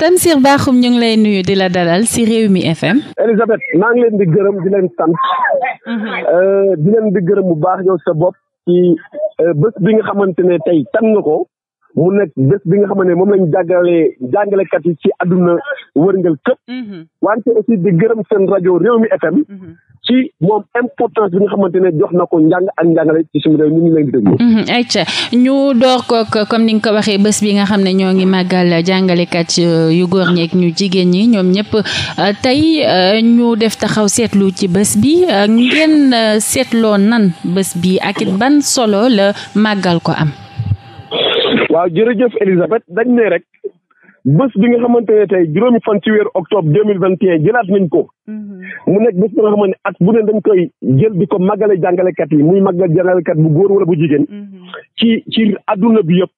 Tamsir Bakhoum ñu ngi lay nuyu di la dalal ci Rewmi FM. Elisabeth maa ngi leen di gërëm di leen sant. Mhm. Euh, di leen di gërëm bu baax yow sa bopp ci euh, bés bi nga xamante ne tey tànn nga ko mu nekk bés bi nga xamante ne moom lañ jàngalee jàngalekat yi ci àdduna wërngal këp mhm. wante aussi di gërëm seen rajo réew mi FM. Mhm. ci moom importance bi nga xamante jox na ko njàng ak njàngale ci suñu réew ñu ngi leen di déglu. Mhm, ayca ñu door kook comme ni nga ko waxee bés bi nga xam ne ñoo ngi màggal jàngalekat euh, yu góor ñeeg ñu jigéen ñi ñoom ñëpp euh, tey euh, ñu def taxaw seetlu ci bés bi ngeen seetloo nan bés bi ak it ban solo la màggal ko am. waaw jërëjëf Elisabeth dañ ne rek. bés bi nga xamante ne tey juróomi fan ci weeru octobre deux mille vingt et un jëlaat nañ ko. Mm-hmm. mu nekk bés bi nga xamante ne bu ne dañ koy jël di ko màggale jàngalekat yi muy màggal jàngalekat bu góor wala bu jigéen. Mm-hmm. ci ci adduna bi yëpp.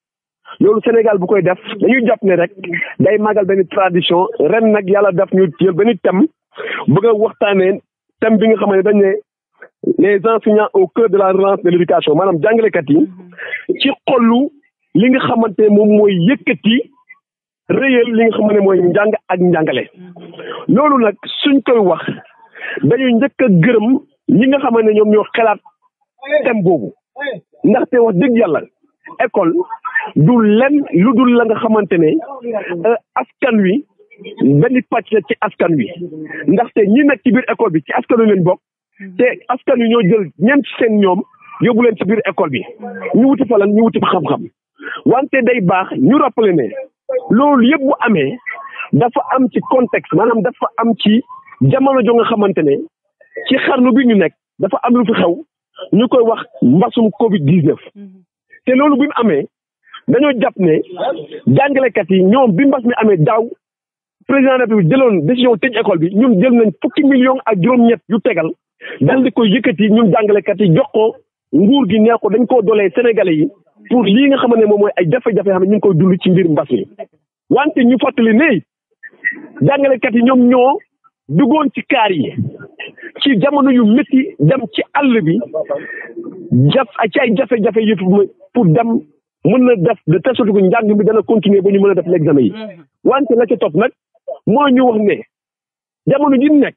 loolu Sénégal bu koy def dañuy jàpp ne rek day màggal benn tradition ren nag yàlla def ñu jël benn thème bëgg a waxtaanee thème bi nga xamante ne dañ ne les enseignants au cœur de la relance de l'éducation maanaam jàngalekat yi. Mm-hmm. réyal li nga xam ne mooy njàng ak njàngale loolu nag suñ koy wax dañuy njëkk a gërëm ñi nga xam ne ñoom ñoo xalaat thème boobu ndaxte wax dëgg yàlla école du lenn lu dul la nga xamante ne euh, askan wi benn pàcc la ci askan wi ndaxte ñi nag ci biir école bi ci askan wi lañ bokk te askan wi ñoo jël ñeent seen ñoom yóbbu leen ci biir école bi ñu wuti fa ñu wuti fa xam-xam wante day baax ñu rappelé ne. loolu yëpp bu amee dafa am ci contexte maanaam dafa am ci jamono jo nga xamante ne ci xarnu bi ñu nekk dafa am lu fi xew ñu koy wax mbasum Covid 19. Mhm. te loolu bi amee dañoo jàpp ne jàngalekat yi ñoom bi mbas mi amee daaw président de la République jëloon décision tëj école bi ñun jël nañ fukki millions ak juróom-ñett yu tegal dal di koy yëkkati ñun jàngalekat yi jox ko nguur gi nee ko dañ koo doolee Sénégalais yi. pour lii nga xam ne moom mooy ay jafe-jafe xam ne ñu ngi koy dund ci mbir mbas mi wante ñu fàttali ne jàngalekat yi ñoom ñoo duggoon ci kaar yi ci jamono yu métti dem ci àll bi jaf ci ay jafe-jafe yëpp pour dem mën na def de telle sorte njàng bi dana continuer ba ñu mën a def l'examen yi mm-hmm. wante la ci top nag mooy ñu wax ne jamono ji nekk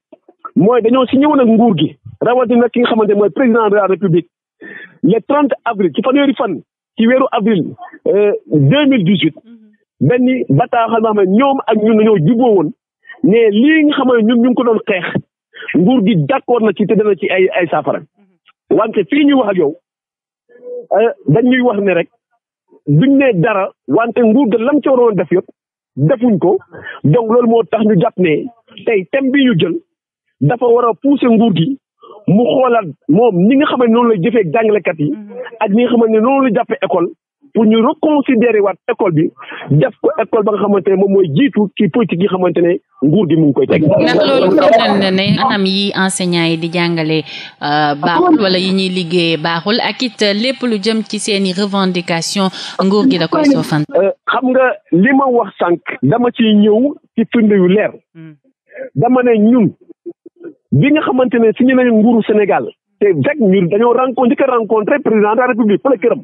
mooy dañoo ci ñëw nag nguur gi rawatina ki nga xamante mooy président de la république le 30 avril ci fan ci weeru avril euh, deux mille dix huit mhm. benn bataaxal ma xam ñoom ak ñun dañoo jubboo woon ne lii nga xam ñun ñu ngi ko doon xeex nguur gi d'accord na ci te dana ci ay ay saafara mhm. wante fi ñuy wax ak yow euh, dañ ñuy wax ne rek duñ ne dara wante nguur ga lam ci waroon def yëpp defuñ ko donc loolu moo tax ñu jàpp ne tey thème bi ñu jël dafa war a nguur gi mu xoolaat moom ñi nga xam ne noonu la jëfee jàngalekat yi mhm. ak ni nga xam ne noonu la jàppee école pour ñu reconsidérer waat école bi def ko école ba nga xamante ne moom mooy jiitu ci politique yi xamante ne nguur gi mu ko koy teg. xam na ne anam yi enseignants yi di jàngale euh, baaxul wala ñuy liggéeyee baaxul ak it lépp lu jëm ci seeni revendication nguur gi da koy soofan. Euh, xam nga li ma wax sànq. dama ci ñëw ci firnde yu leer. Hmm. dama ne ñun. bi nga xamante ne signé nañu nguuru Sénégal te fekk ñu dañoo rencontré njëkk a rencontré président de la république fële këram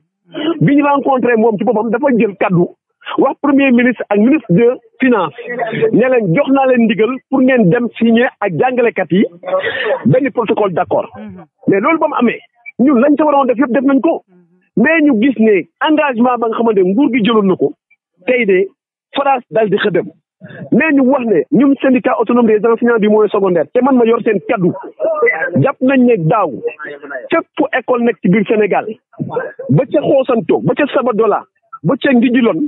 bi ñu rencontré moom ci boppam dafa jël kàddu wax premier ministre ak ministre de finance ne leen jox naa leen ndigal pour ngeen dem signé ak jàngalekat yi benn protocole d'accord mhm. mais loolu ba mu amee ñun lañ sa waroon def yëpp def nañ ko mais ñu gis ne engagement ba nga xamante ne nguur gi jëloon na ko tey de France dal di xëdëm mais ñu wax ne ñun syndicat autonome des enseignants du moyen secondaire te man ma yor seen kaddu jàpp nañ ne daaw fépp école nekk ci biir Sénégal ba ca Xoosanto ba ca Sabadola ba ca Ngijilon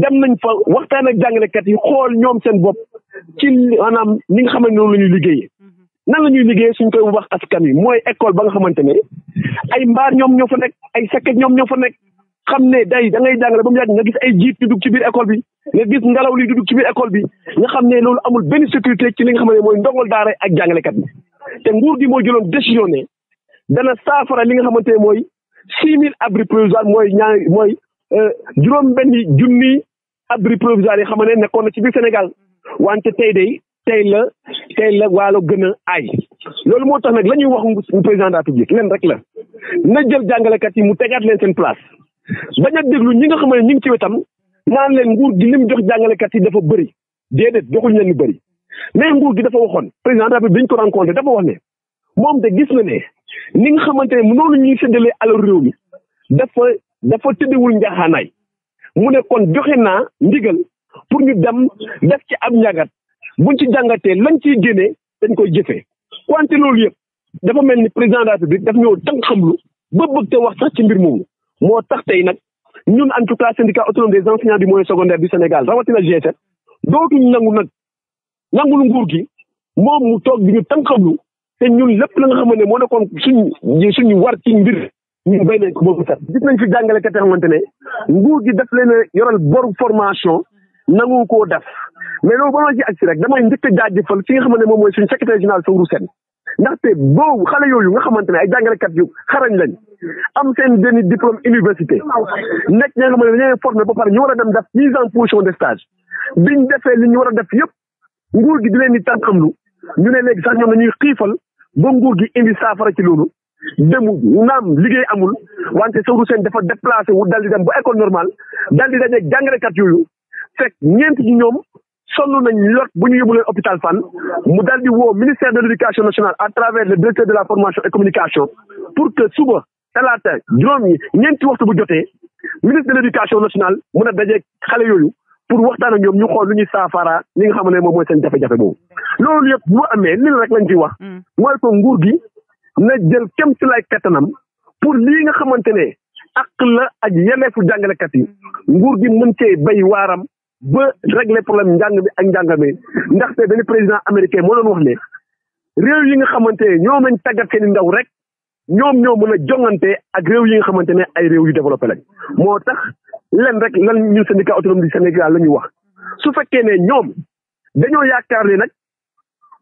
dem nañ fa waxtaan ak jàngalekat yi xool ñoom seen bopp ci maanaam ni nga xamante noonu la ñuy liggéeyee nan la ñuy liggéeyee suñ koy wax askan wi mooy école ba nga xamante ne ay mbaar ñoom ñoo fa nekk ay sakket ñoom ñoo fa nekk xam ne day da ngay jàngale ba mu yàgg nga gis ay jiit di dugg ci biir école bi nga gis ngelaw li di dugg ci biir école bi nga xam ne loolu amul benn sécurité ci li nga xam ne mooy ndongol daara ak jàngalekat bi te nguur gi moo jëloon décision ne dana saafara li nga xamante ne mooy six mille abri provisoire mooy ñaa mooy euh, juróom benni junni abri provisoire yi xam ne nekkoon ci biir Sénégal wante tey de tey la tey la waalo gën a aay loolu moo tax nag la ñuy wax président de la République leen rek la na jël jàngalekat yi mu tegaat leen seen place bañ a déglu ñi nga xam ne ñu ngi ci wetam naan leen nguur gi lim jox jàngalekat yi dafa bëri déedéet joxul leen lu bëri mais nguur gi dafa waxoon président de la bi ñu ko rencontré dafa wax ne moom de gis na ne ni nga xamante ne noonu ñuy séddalee alal réew mi dafa dafa tëddewul njaaxaanaay mu ne kon joxe naa ndigal pour ñu dem def ci ab njàngat buñ ci jàngatee lañ ciy génnee dañ koy jëfee wante loolu yëpp dafa mel ni président de bi daf ñëw tànk xamlu ba bëgg te wax sax ci mbir moomu moo tax tey nag ñun en tout cas syndicat autonome des enseignants du moyen secondaire du Sénégal rawatina G7 dootuñ nangu nag nangul nguur gi moom mu toog di ñu tànqamlu te ñun lépp la nga xamante ne moo nekkoon suñ suñu war ci mbir ñun ko boobu sax nañ fi jàngalekat yoo xamante ne nguur gi daf leen a yoral boru formation nangu koo def mais loolu ba ma a jaajëfal fi nga xamante ne moom mooy suñu secrétaire général Sow ndaxte boobu xale yooyu nga xamante ne ay jàngalekat yu xarañ lañ am seen benn diplôme université nekk ña nga xam ne dañoo formé ba pare ñu war a dem def mise en position de stage biñ defee li ñu war a def yëpp nguur gi di leen di tànqamlu ñu ne léegi sax ñoom dañuy xiifal ba nguur gi indi saafara ci loolu demu naam liggéey amul wante Saourou Sène dafa déplacé wu dal di dem ba école normale dal di daje jàngalekat yooyu fekk ñeent ñi ñoom sonn nañ lot bu ñu yóbbu leen hôpital fan mu dal di woo ministère de l' éducation à travers le directeur de la communication pour que suba talaata juróom ñi ñeenti waxtu bu jotee ministre de l' éducation nationale mun a dajeeg xale yooyu pour waxtaan ak ñoom ñu xool lu ñuy saafara li nga xam ne moom mooy seen jafe-jafe boobu. loolu yëpp bu amee li rek lañ ciy wax. Mm. mooy ko nguur gi na jël kem ci lay kattanam pour lii nga xamante ne ak la ak yelleefu jàngalekat yi nguur gi mën cee bay waaram ba régler problème njàng bi ak njàng mi ndaxte benn président américain moo doon wax ne réew yi nga xamante ne ñoom lañ tàggat seen i ndaw rek. ñoom ñoo mën a jongante ak réew yi nga xamante ne ay réew yu développé lañ moo tax len rek lan ñun syndicat autonome du Sénégal la ñuy wax su fekkee ne ñoom dañoo yaakaar ne nag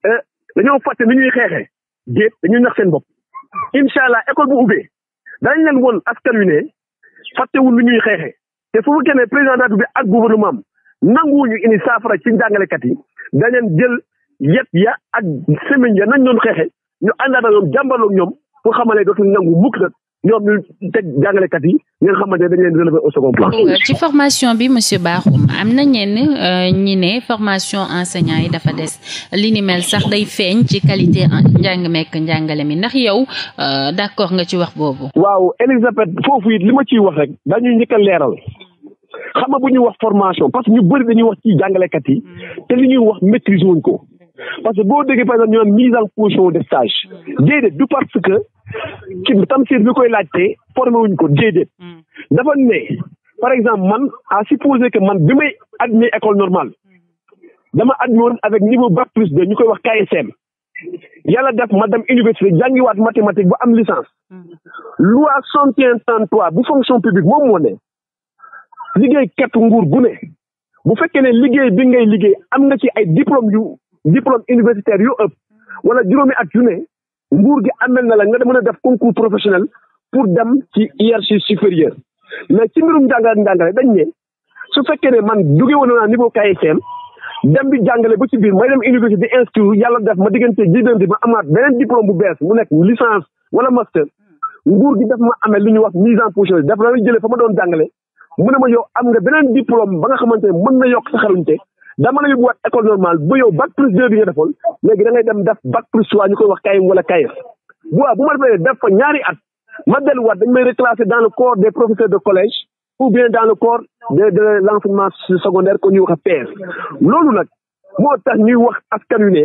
euh, dañoo fàtte ni ñuy xeexee déet dañuy nax seen bopp incha allah école bu ubbee danañ leen woon askan wi ne fàttewul ni ñuy xeexee te su fekkee ne président bi ak gouvernement am ñu indi saafara ci njàngalekat yi dañ leen jël yet ya ak semaine ya nañ doon xeexee ñu àndaat ak ñoom jàmbaloo ñoom pour xamale dootul nangu mukk nag ñoom ñu teg jàngalekat yi nga xamante ne dañ leen relever au second plan. ci formation bi monsieur Bakhoum am na ñenn euh, ñi ne formation enseignant yi dafa des li ni mel sax day feeñ ci qualité njàng mekk njàngale mi ndax yow euh, d'accord nga ci wax boobu. waaw Elisabeth foofu it li ma ciy wax rek dañuy njëkk leeral xam nga bu ñuy wax formation parce ñu bëri dañuy wax ci jàngalekat yi te li ñuy wax maîtrise wuñ ko. parce que boo déggee par exemple ñu naan mise en position de stage déedéet du parce que ki Tamsir bi koy laajtee formé wuñ ko déedéet hmm. dafa ne par exemple man a supposer que man bi may admis école normale dama admis woon avec niveau bac plus deux ñu koy wax KSM yàlla def ma dem université jàngiwaat mathématique ba am licence hmm. loi cent et un trente trois bu fonction publique moom moo ne liggéey kat nguur gu ne bu fekkee ne liggéey bi ngay liggéey am nga ci ay diplôme yu diplôme universitaire yu ëpp wala juróomi ak yu ne nguur gi amel na la nga mën a def concours professionnel pour dem ci hiérarchie supérieure mais ci mbirum jàngale njàngale dañ ne su fekkee ne man jóge woon naa niveau KSM dem bi jàngale ba ci biir may dem université inscrire yàlla def ma diggante di ma amaat beneen diplôme bu bees mu nekk licence wala master nguur gi daf ma amee lu ñu wax mise la jëlee fa ma doon jàngale mu ne ma yow am nga beneen diplôme ba nga xamante ne mën na yokk sa xarañte dama la yóbbu waat école normale ba yow bac deux bi nga defoon léegi da ngay dem def bac plus ñu koy wax kayim wala kayif bu bu ma defee def fa ñaari at ma delluwaat dañ may reclasser dans le corps des professeurs de collège ou bien dans le corps de de l' enseignement secondaire ko ñu wax a PS loolu nag moo tax ñuy wax askan wi ne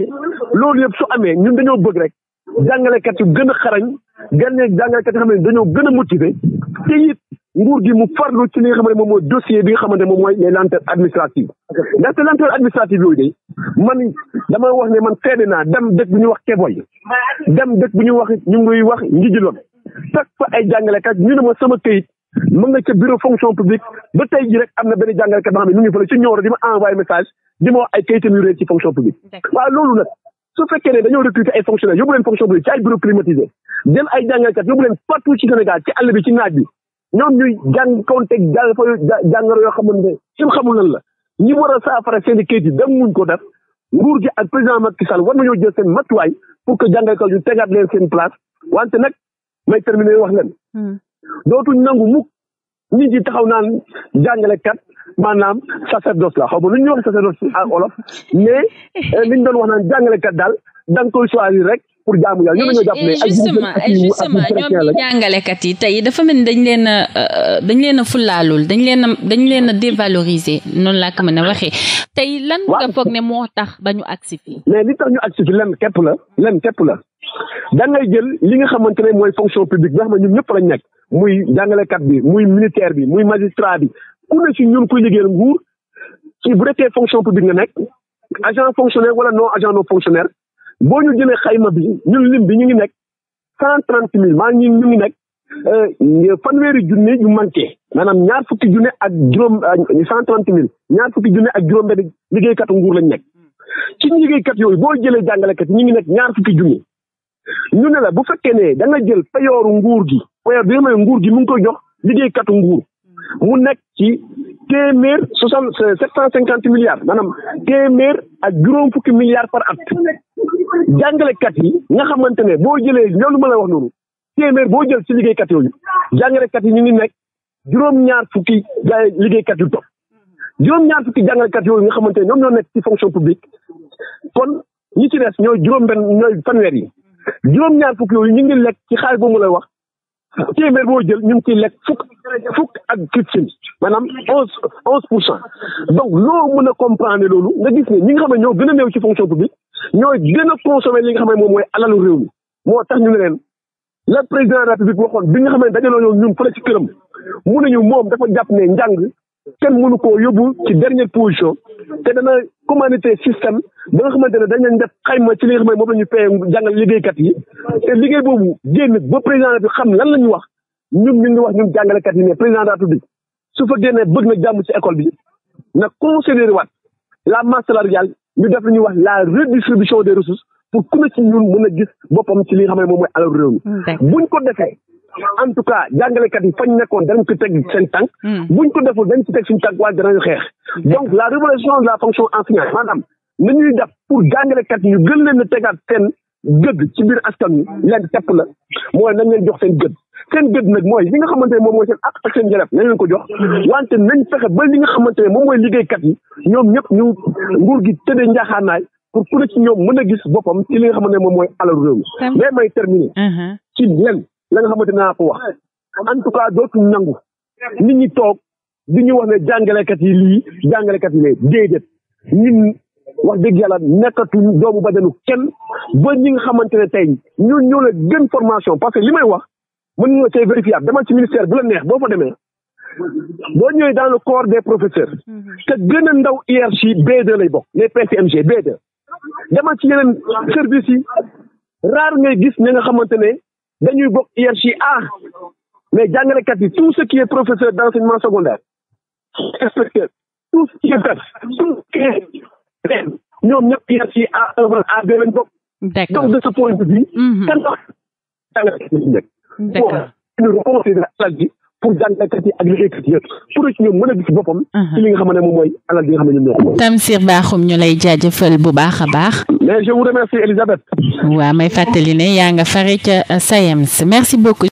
loolu yëpp su amee ñun dañoo bëgg rek jàngalekat yu gën a xarañ gën a jàngalekat yoo xam ne dañoo gën a motivé nguur gi mu farlu ci li nga xamante moom mooy dossier bi moom mooy les lenteurs administratives ndaxte lenteur administrative yooyu de man dama wax ne man seede naa dem dëkk bu ñuy wax Keboy dem dëkk bu ñuy wax ñu ngi wax Ngijiloon fekk fa ay jàngalekat ñu ne ma sama këyit mën nga ca bureau fonction publique ba tey ji rek am na benn mu ngi fële ci ñooro di ma envoyé message di ma wax ay këyitam yu réer ci fonction publique waaw loolu nag su fekkee ne dañoo recruter ay fonctionnaires yóbbu leen fonction publique ci ay bureau climatisé bi ci naaj bi ñoom ñuy jàng kontek jàng fa jàngoro yoo xamante ne suñ xamul lan la ñi war saafara seen i kayit yi dem muñ ko def nguur gi ak président Macky Sall war nañoo jël seen matuwaay pour que jàngalekat yu tegaat leen seen place wante nag may terminer wax leen. Hmm. dootuñ nangu mukk nit ñi taxaw naan jàngalekat maanaam sacerdoce la xaw ma lu ñuy wax sacerdoce en wolof mais eh, liñ doon wax naan jàngalekat daal da nga koy choisir rek. pour jaamu yàlla ñoom ñoo jàpp ne yi tey dafa mel dañ leen euh, dañ leen a fulaalul dañ leen a dañ leen a dévaloriser noonu laa ko mën a waxee tey lan nga foog ne moo tax ba ñu agsi fii mais li tax ñu agsi fii lenn képp la lan képp la da ngay jël li nga xamante ne mooy fonction publique bi nga xam ne ñun ñëpp lañ nekk muy jàngalekat bi muy militaire bi muy magistrat bi ku ne si ñun kuy liggéeyal nguur ci bu dekkee fonction publique nga nekk agent fonctionnaire wala non agent non fonctionnaire boo ñu jëlee xayma bi ñu lim bi ñu ngi nekk cent trente mille maa ngi ñu ngi nekk euh, fanweeri ju yu manqué maanaam ñaar fukki junne ak juróom cent trente mille ñaar fukki ak juróom liggéeykatu nguur lañ nekk ci liggéeykat yooyu boo jëlee jàngalekat ñu ngi nekk ñaar fukki junne ñu ne la bu fekkee ne da nga jël peyooru nguur gi payoor bi nga nguur gi mu ngi koy jox nguur mu nekk ci téeméer soixante euh, sept cent cinquante milliards maanaam téeméer ak juróom fukki milliards par at jàngalekat yi nga xamante ne boo jëlee loolu ma la wax noonu téeméer boo jël ci liggéeykat yooyu jàngalekat yi ñu ngi nekk juróom-ñaar fukki liggéeykat yu topp juróom-ñaar fukki jàngalekat yooyu nga xamante ne ñoom ñoo nekk ci fonction publique kon ñi ci des ñooy juróom-benn ñooy fanweer yi juróom-ñaar fukki yooyu ñu ngi lekk ci xaalis boobu ma lay wax téeméer boo jël ñu ngi ciy lekk fukk fukk ak fifteen maanaam onze onze pour cent donc loo mën a comprendre loolu nga gis ne ñi ngi xam ne ñoo gën a néew ci fonction publique ñooy gën a consommer li nga xam ne moom mooy alalu réew mi moo tax ñu ne leen le président de la république waxoon bi nga xam ne dajaloo ñoo ñun fële ci këram mun ne ñu moom dafa jàpp ne njàng kenn mënu ko yóbbu ci dernière position te dana commandité système ba nga xamante ne dañ leen def xayma ci li nga xam ne moom la paye jàngal liggéeykat yi te liggéey boobu génn ba président bi xam lan la ñu wax ñun ñu ngi wax ñu jàngalekat yi mais président de la République su fa génnee bëgg na jàmm ci école bi na considéré waat la masse salariale ñu def lu ñuy wax la redistribution des ressources pour ku ne ci ñun mën a gis boppam ci li nga xam ne moom mooy alalu réew mi buñ ko defee en tout cas jàngalekat yi fañ nekkoon danañ ko teg seen tànk hmm. buñ ko deful dañ ci teg suñu tànk waaye danañu xeex hmm. donc la révolution de la fonction enseignante maanaam na ñuy def pour jàngalekat yi ñu gën leen a tegaat seen gëdd ci biir askan wi leen tepp la mooy nañ leen jox seen gëdd seen gëdd nag mooy li nga xamante ne moom mooy seen ak ak seen jëref ko jox hmm. wante nañ fexe ba li nga xamante ne moom mooy liggéeykat yi ñoom ñëpp ñu nguur gi tëddee njaaxaanaay pour ku ne ci ñoom mën a gis boppam ci li nga xamante ne moom mooy alalu réew mi mais may terminer uh-huh. ci la nga xamante naa ko wax en tout cas dootuñ nangu nit ñi toog di ñu wax ne jàngalekat yi lii jàngalekat yi lee déedéet ñun wax dëgg yàlla nekkatuñ doomu bajanu kenn ba ñi nga xamante ne tey ñoo ñoo la gën formation parce que li may wax mën nga cay vérifiable demal ci ministère bu la neex boo fa demee boo ñëwee dans le corps des professeurs mm-hmm. te gën ndaw hiérarchie B2 lay bokk les PCMG B2 ci yeneen service yi rare ngay gis ñi nga xamante ne dañuy bokk hiérarchie A mais jàngalekat yi tout ce qui est professeur d' enseignement secondaire tout ce qui est tout ce qui est ren ñoom ñëpp hiérarchie A un wala lañ bokk. donc de ce point de vue. Mhm. kan wax jàngalekat yi ñu nekk. pour jàngalekat yi ak liggéeykat yëpp pour ci ñoom mën a gis boppam. Mhm. ci li nga xam ne moom mooy alal bi nga xam ne ñoom Tamsir Bakhoum ñu lay jaajëfal bu baax a baax. mais je vous remercie Elisabeth. waaw may fàttali ne yaa nga fare ca euh, SAEMS merci beaucoup.